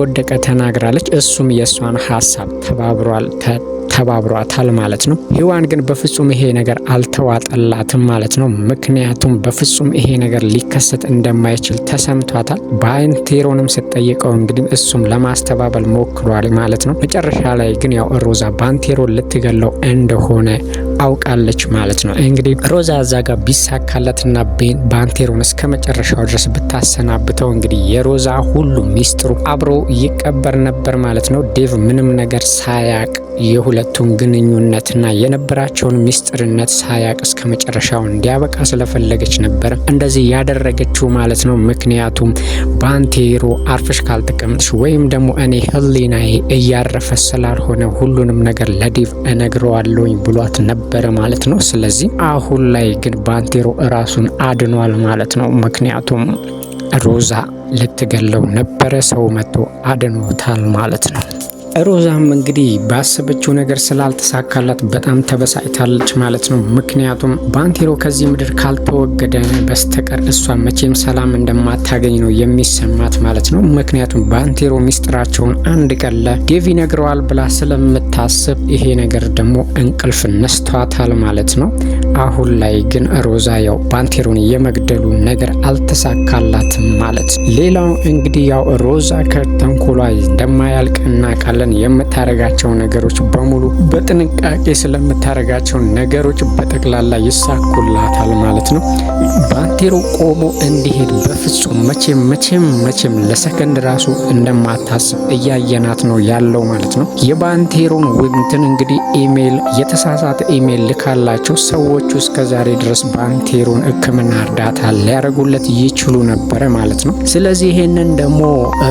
ወደቀ ተናግራለች። እሱም የእሷን ሀሳብ ተባብሯል ተባብሯታል ማለት ነው። ሔዋን ግን በፍጹም ይሄ ነገር አልተዋጠላትም ማለት ነው። ምክንያቱም በፍጹም ይሄ ነገር ሊከሰት እንደማይችል ተሰምቷታል። ባንቴሮንም ስትጠይቀው እንግዲህ እሱም ለማስተባበል ሞክሯል ማለት ነው። መጨረሻ ላይ ግን ያው ሮዛ በአንቴሮን ልትገለው እንደሆነ አውቃለች ማለት ነው። እንግዲህ ሮዛ እዛ ጋር ቢሳካላትና ባንቴሮን እስከ መጨረሻው ድረስ ብታሰናብተው እንግዲህ የሮዛ ሁሉ ሚስጥሩ አብሮ ይቀበር ነበር ማለት ነው። ዴቭ ምንም ነገር ሳያቅ የሁለቱን ግንኙነትና የነበራቸውን ሚስጥርነት ሳያቅ እስከ መጨረሻው እንዲያበቃ ስለፈለገች ነበር እንደዚህ ያደረገችው ማለት ነው። ምክንያቱም ባንቴሮ አርፍሽ ካልተቀምጥሽ ወይም ደግሞ እኔ ህሊናዬ እያረፈ ስላልሆነ ሁሉንም ነገር ለዲቭ እነግረዋለሁኝ ብሏት ነበረ ማለት ነው። ስለዚህ አሁን ላይ ግን ባንቴሮ እራሱን አድኗል ማለት ነው። ምክንያቱም ሮዛ ልትገለው ነበረ፣ ሰው መጥቶ አድኖታል ማለት ነው። ሮዛም እንግዲህ ባሰበችው ነገር ስላልተሳካላት በጣም ተበሳጭታለች ማለት ነው። ምክንያቱም ባንቴሮ ከዚህ ምድር ካልተወገደ በስተቀር እሷ መቼም ሰላም እንደማታገኝ ነው የሚሰማት ማለት ነው። ምክንያቱም ባንቴሮ ሚስጥራቸውን አንድ ቀን ለዴቭ ነግረዋል ብላ ስለምታስብ ይሄ ነገር ደግሞ እንቅልፍ ነስቷታል ማለት ነው። አሁን ላይ ግን ሮዛ ያው ባንቴሮን የመግደሉ ነገር አልተሳካላትም ማለት ሌላው እንግዲህ ያው ሮዛ ከተንኮሏ እንደማያልቅ እናቃል እንችላለን። የምታደርጋቸው ነገሮች በሙሉ በጥንቃቄ ስለምታደርጋቸው ነገሮች በጠቅላላ ይሳኩላታል ማለት ነው። ባንቴሮ ቆሞ እንዲሄድ በፍጹም መቼም መቼም መቼም ለሰከንድ ራሱ እንደማታስብ እያየናት ነው ያለው ማለት ነው። የባንቴሮን ውንትን እንግዲህ ኢሜይል የተሳሳተ ኢሜይል ልካላቸው ሰዎቹ እስከዛሬ ድረስ ባንቴሮን ሕክምና እርዳታ ሊያደርጉለት ይችሉ ነበረ ማለት ነው። ስለዚህ ይህንን ደግሞ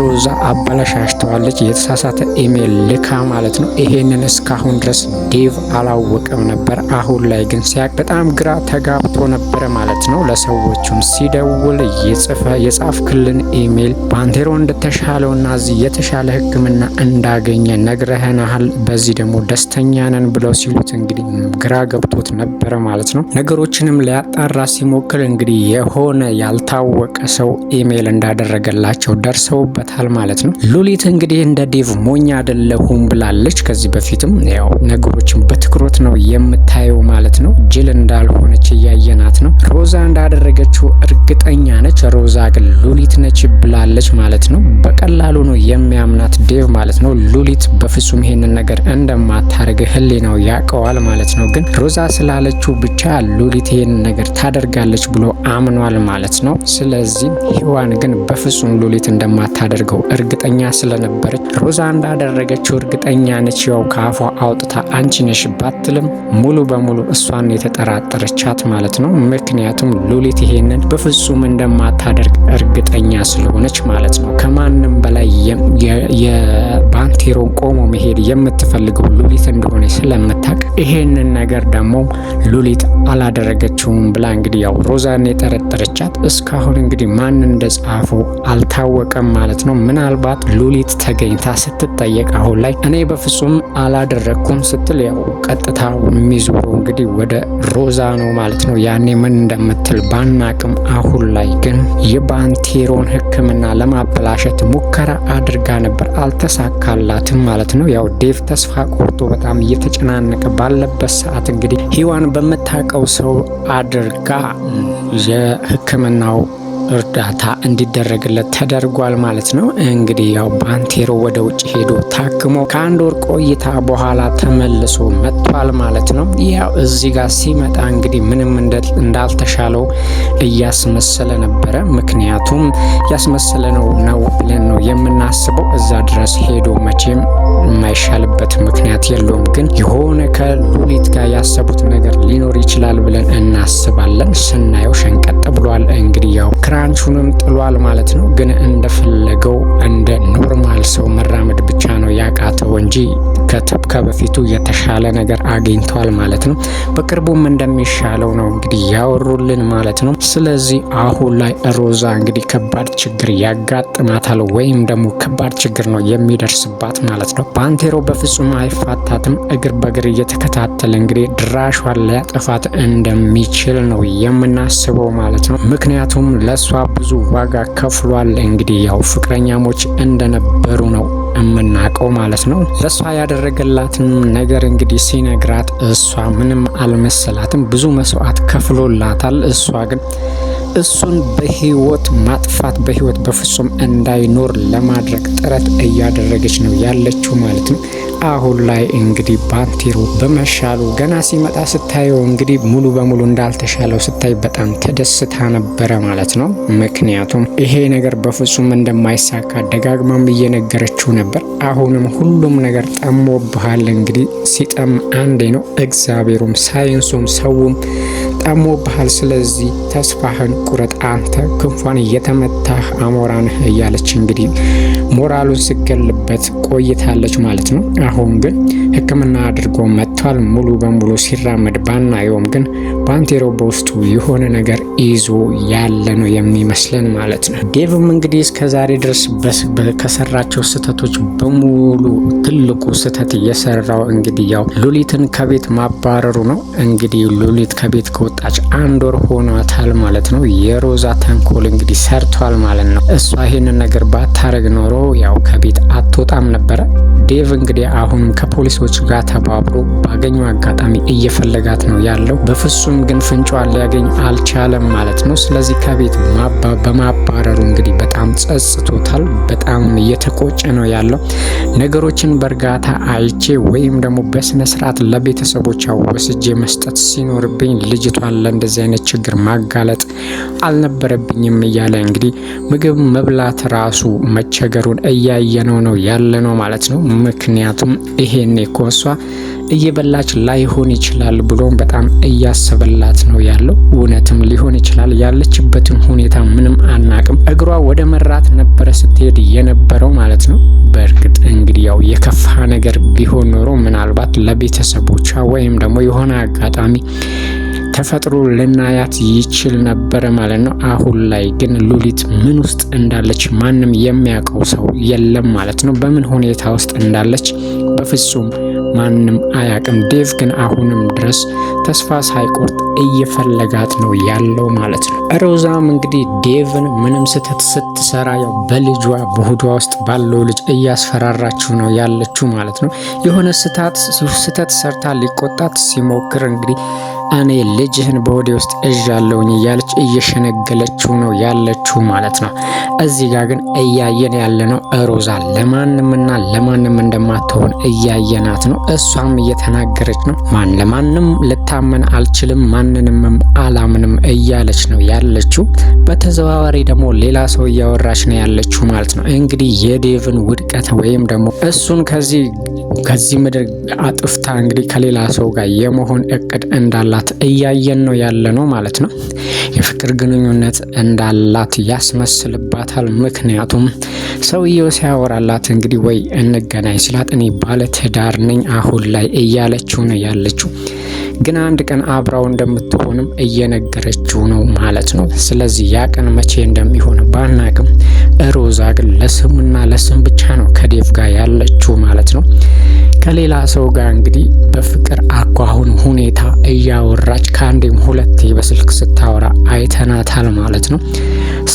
ሮዛ አበላሻሽተዋለች። የተሳሳተ ኢሜል ልካ ማለት ነው። ይሄንን እስካሁን ድረስ ዴቭ አላወቀም ነበር። አሁን ላይ ግን ሲያቅ በጣም ግራ ተጋብቶ ነበረ ማለት ነው። ለሰዎቹም ሲደውል የጽፈ የጻፍክልን ኢሜል ባንቴሮ እንደተሻለውና እዚህ የተሻለ ሕክምና እንዳገኘ ነግረህናል፣ በዚህ ደግሞ ደስተኛ ነን ብለው ሲሉት እንግዲህ ግራ ገብቶት ነበረ ማለት ነው። ነገሮችንም ሊያጣራ ሲሞክር እንግዲህ የሆነ ያልታወቀ ሰው ኢሜል እንዳደረገላቸው ደርሰውበታል ማለት ነው። ሉሊት እንግዲህ እንደ ዴቭ ሞኛ አደለሁም ብላለች። ከዚህ በፊትም ያው ነገሮችን በትኩረት ነው የምታየው ማለት ነው። ጅል እንዳልሆነች እያየናት ነው። ሮዛ እንዳደረገችው እርግጠኛ ነች። ሮዛ ግን ሉሊት ነች ብላለች ማለት ነው። በቀላሉ ነው የሚያምናት ዴቭ ማለት ነው። ሉሊት በፍጹም ይሄንን ነገር እንደማታደርግ ህሊናው ያውቀዋል ማለት ነው። ግን ሮዛ ስላለችው ብቻ ሉሊት ይሄን ነገር ታደርጋለች ብሎ አምኗል ማለት ነው። ስለዚህ ሔዋን ግን በፍጹም ሉሊት እንደማታደርገው እርግጠኛ ስለነበረች ሮዛ እንዳደረ እንዳደረገችው እርግጠኛ ነች። ያው ከአፏ አውጥታ አንቺ ነሽ ባትልም ሙሉ በሙሉ እሷን የተጠራጠረቻት ማለት ነው። ምክንያቱም ሉሊት ይሄንን በፍጹም እንደማታደርግ እርግጠኛ ስለሆነች ማለት ነው። ከማንም በላይ የባንቴሮን ቆሞ መሄድ የምትፈልገው ሉሊት እንደሆነ ስለምታቅ ይሄንን ነገር ደግሞ ሉሊት አላደረገችውም ብላ እንግዲህ ያው ሮዛን የጠረጠረቻት እስካሁን እንግዲህ ማን እንደጻፈው አልታወቀም ማለት ነው። ምናልባት ሉሊት ተገኝታ ስትጠየቅ ስትጠየቅ አሁን ላይ እኔ በፍጹም አላደረግኩም ስትል ያው ቀጥታ የሚዞሩ እንግዲህ ወደ ሮዛ ነው ማለት ነው። ያኔ ምን እንደምትል ባናቅም፣ አሁን ላይ ግን የባንቴሮን ሕክምና ለማበላሸት ሙከራ አድርጋ ነበር፣ አልተሳካላትም ማለት ነው። ያው ዴቭ ተስፋ ቆርጦ በጣም እየተጨናነቀ ባለበት ሰዓት እንግዲህ ሂዋን በምታውቀው ሰው አድርጋ የሕክምናው እርዳታ እንዲደረግለት ተደርጓል ማለት ነው። እንግዲህ ያው ባንቴሮ ወደ ውጭ ሄዶ ታክሞ ከአንድ ወር ቆይታ በኋላ ተመልሶ መጥቷል ማለት ነው። ያው እዚህ ጋር ሲመጣ እንግዲህ ምንም እንዳልተሻለው እያስመሰለ ነበረ። ምክንያቱም ያስመሰለ ነው ነው ብለን ነው የምናስበው። እዛ ድረስ ሄዶ መቼም የማይሻልበት ምክንያት የለውም። ግን የሆነ ከሉሊት ጋር ያሰቡት ነገር ሊኖር ይችላል ብለን እናስባለን። ስናየው ሸንቀጥ ብሏል። እንግዲህ ያው ክራ ባላንሱንም ጥሏል ማለት ነው። ግን እንደፈለገው እንደ ኖርማል ሰው መራመድ ብቻ ነው ያቃተው እንጂ ከትብከ በፊቱ የተሻለ ነገር አግኝቷል ማለት ነው። በቅርቡም እንደሚሻለው ነው እንግዲህ ያወሩልን ማለት ነው። ስለዚህ አሁን ላይ ሮዛ እንግዲህ ከባድ ችግር ያጋጥማታል ወይም ደግሞ ከባድ ችግር ነው የሚደርስባት ማለት ነው። ባንቴሮ በፍጹም አይፋታትም። እግር በእግር እየተከታተለ እንግዲህ ድራሿን ሊያጠፋት እንደሚችል ነው የምናስበው ማለት ነው። ምክንያቱም ለሷ ብዙ ዋጋ ከፍሏል። እንግዲህ ያው ፍቅረኛሞች እንደነበሩ ነው የምናውቀው ማለት ነው። ለእሷ ያደረገላትን ነገር እንግዲህ ሲነግራት እሷ ምንም አልመሰላትም። ብዙ መስዋዕት ከፍሎላታል። እሷ ግን እሱን በህይወት ማጥፋት በህይወት በፍጹም እንዳይኖር ለማድረግ ጥረት እያደረገች ነው ያለችው ማለት ነው። አሁን ላይ እንግዲህ ባትሪው በመሻሉ ገና ሲመጣ ስታየው እንግዲህ ሙሉ በሙሉ እንዳልተሻለው ስታይ በጣም ተደስታ ነበረ ማለት ነው። ምክንያቱም ይሄ ነገር በፍጹም እንደማይሳካ ደጋግማም እየነገረችው ነበር። አሁንም ሁሉም ነገር ጠሞብሃል። እንግዲህ ሲጠም አንዴ ነው። እግዚአብሔሩም ሳይንሱም ሰውም ጠሞብሃል። ስለዚህ ተስፋህን ቁረጥ አንተ ክንፏን እየተመታህ አሞራ እያለች እንግዲህ ሞራሉን ስገልበት ቆይታለች ማለት ነው። አሁን ግን ሕክምና አድርጎ መ አስፋልቷል ሙሉ በሙሉ ሲራመድ ባናየውም ግን ባንቴሮ በውስጡ የሆነ ነገር ይዞ ያለ ነው የሚመስለን ማለት ነው። ዴቭም እንግዲህ እስከዛሬ ድረስ ከሰራቸው ስህተቶች በሙሉ ትልቁ ስህተት የሰራው እንግዲህ ያው ሉሊትን ከቤት ማባረሩ ነው። እንግዲህ ሉሊት ከቤት ከወጣች አንድ ወር ሆኗታል ማለት ነው። የሮዛ ተንኮል እንግዲህ ሰርቷል ማለት ነው። እሷ ይሄንን ነገር ባታረግ ኖሮ ያው ከቤት አትወጣም ነበረ። ዴቭ እንግዲህ አሁን ከፖሊሶች ጋር ተባብሮ ባገኘው አጋጣሚ እየፈለጋት ነው ያለው። በፍጹም ግን ፍንጫዋን ሊያገኝ አልቻለም ማለት ነው። ስለዚህ ከቤት በማባረሩ እንግዲህ በጣም ጸጽቶታል። በጣም እየተቆጨ ነው ያለው። ነገሮችን በእርጋታ አይቼ ወይም ደግሞ በስነ ስርዓት ለቤተሰቦቿ ወስጄ መስጠት ሲኖርብኝ ልጅቷን ለእንደዚህ አይነት ችግር ማጋለጥ አልነበረብኝም እያለ እንግዲህ ምግብ መብላት ራሱ መቸገሩን እያየነው ነው ያለ ነው ማለት ነው። ምክንያቱም ይሄኔ እኮ እየበላች ላይሆን ይችላል ብሎ በጣም እያሰበላት ነው ያለው። እውነትም ሊሆን ይችላል። ያለችበትን ሁኔታ ምንም አናቅም። እግሯ ወደ መራት ነበረ ስትሄድ የነበረው ማለት ነው። በእርግጥ እንግዲህ ያው የከፋ ነገር ቢሆን ኖሮ ምናልባት ለቤተሰቦቿ ወይም ደግሞ የሆነ አጋጣሚ ተፈጥሮ ልናያት ይችል ነበረ ማለት ነው። አሁን ላይ ግን ሉሊት ምን ውስጥ እንዳለች ማንም የሚያውቀው ሰው የለም ማለት ነው። በምን ሁኔታ ውስጥ እንዳለች በፍጹም ማንም አያውቅም። ዴቭ ግን አሁንም ድረስ ተስፋ ሳይቆርጥ እየፈለጋት ነው ያለው ማለት ነው። ሮዛም እንግዲህ ዴቭን ምንም ስህተት ስትሰራ ያው በልጇ በሆዷ ውስጥ ባለው ልጅ እያስፈራራችው ነው ያለችው ማለት ነው። የሆነ ስህተት ሰርታ ሊቆጣት ሲሞክር እንግዲህ እኔ ልጅህን በሆዴ ውስጥ እዣለሁኝ እያለች እየሸነገለችው ነው ያለችው ማለት ነው። እዚህ ጋር ግን እያየን ያለነው ሮዛ ለማንምና ለማንም እንደማትሆን እያየናት ነው። እሷም እየተናገረች ነው። ማን ለማንም ልታመን አልችልም፣ ማንንምም አላምንም እያለች ነው ያለችው። በተዘዋዋሪ ደግሞ ሌላ ሰው እያወራች ነው ያለችው ማለት ነው። እንግዲህ የዴቭን ውድቀት ወይም ደግሞ እሱን ከዚህ ከዚህ ምድር አጥፍታ እንግዲህ ከሌላ ሰው ጋር የመሆን እቅድ እንዳላት ናት እያየን ነው ያለ ነው ማለት ነው። የፍቅር ግንኙነት እንዳላት ያስመስልባታል። ምክንያቱም ሰውየው ሲያወራላት እንግዲህ ወይ እንገናኝ ሲላት እኔ ባለ ትዳር ነኝ አሁን ላይ እያለችው ነው ያለችው። ግን አንድ ቀን አብራው እንደምትሆንም እየነገረችው ነው ማለት ነው። ስለዚህ ያ ቀን መቼ እንደሚሆን ባናቅም ሮዛ ግን ለስሙና ለስም ብቻ ነው ከዴቭ ጋር ያለችው ማለት ነው። ከሌላ ሰው ጋር እንግዲህ በፍቅር አኳሁን ሁኔታ እያወራች ከአንዴም ሁለቴ በስልክ ስታወራ አይተናታል ማለት ነው።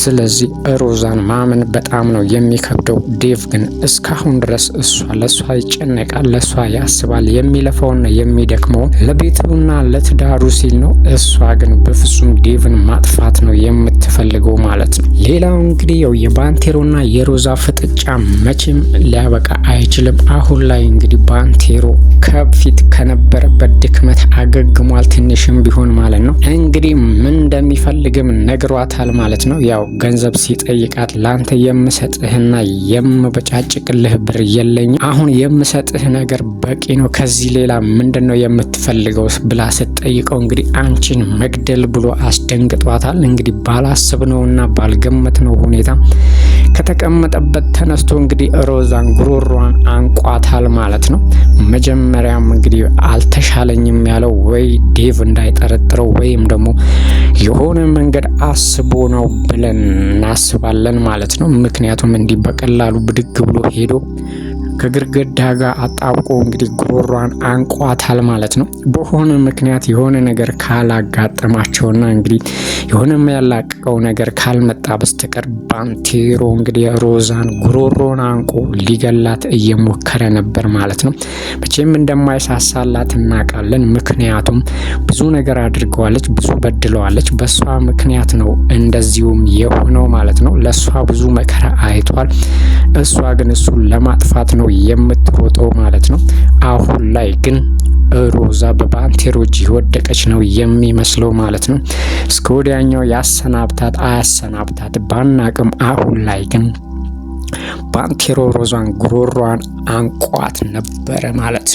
ስለዚህ ሮዛን ማመን በጣም ነው የሚከብደው። ዴቭ ግን እስካሁን ድረስ እሷ ለእሷ ይጨነቃል፣ ለእሷ ያስባል። የሚለፋውና የሚደክመውን ለቤት ለባሉና ለትዳሩ ሲል ነው። እሷ ግን በፍጹም ዴቭን ማጥፋት ነው የምትፈልገው ማለት ነው። ሌላው እንግዲህ ያው የባንቴሮና የሮዛ ፍጥጫ መቼም ሊያበቃ አይችልም። አሁን ላይ እንግዲህ ባንቴሮ ከፊት ከነበረበት ድክመት አገግሟል፣ ትንሽም ቢሆን ማለት ነው። እንግዲህ ምን እንደሚፈልግም ነግሯታል ማለት ነው። ያው ገንዘብ ሲጠይቃት ላንተ የምሰጥህና የምበጫጭቅልህ ብር የለኝም፣ አሁን የምሰጥህ ነገር በቂ ነው፣ ከዚህ ሌላ ምንድን ነው የምትፈልገው ብላ ስትጠይቀው እንግዲህ አንቺን መግደል ብሎ አስደንግጧታል። እንግዲህ ባላስብ ነውና ባልገመት ነው ሁኔታ ከተቀመጠበት ተነስቶ እንግዲህ ሮዛን ጉሮሯን አንቋታል ማለት ነው። መጀመሪያም እንግዲህ አልተሻለኝም ያለው ወይ ዴቭ እንዳይጠረጥረው ወይም ደግሞ የሆነ መንገድ አስቦ ነው ብለን እናስባለን ማለት ነው። ምክንያቱም እንዲህ በቀላሉ ብድግ ብሎ ሄዶ ከግርግዳ ጋር አጣብቆ እንግዲህ ጉሮሯን አንቋታል ማለት ነው። በሆነ ምክንያት የሆነ ነገር ካላጋጠማቸውና እንግዲህ የሆነ ያላቀቀው ነገር ካልመጣ በስተቀር ባንቴሮ እንግዲህ ሮዛን ጉሮሮን አንቆ ሊገላት እየሞከረ ነበር ማለት ነው። መቼም እንደማይሳሳላት እናውቃለን። ምክንያቱም ብዙ ነገር አድርገዋለች፣ ብዙ በድለዋለች። በእሷ ምክንያት ነው እንደዚሁም የሆነው ማለት ነው። ለእሷ ብዙ መከራ አይቷል። እሷ ግን እሱን ለማጥፋት ነው ነው የምትሮጠው ማለት ነው። አሁን ላይ ግን ሮዛ በባንቴሮች የወደቀች ነው የሚመስለው ማለት ነው። እስከ ወዲያኛው ያሰናብታት አያሰናብታት ባናቅም፣ አሁን ላይ ግን ባንቴሮ ሮዛን ጉሮሯን አንቋት ነበረ ማለት ነው።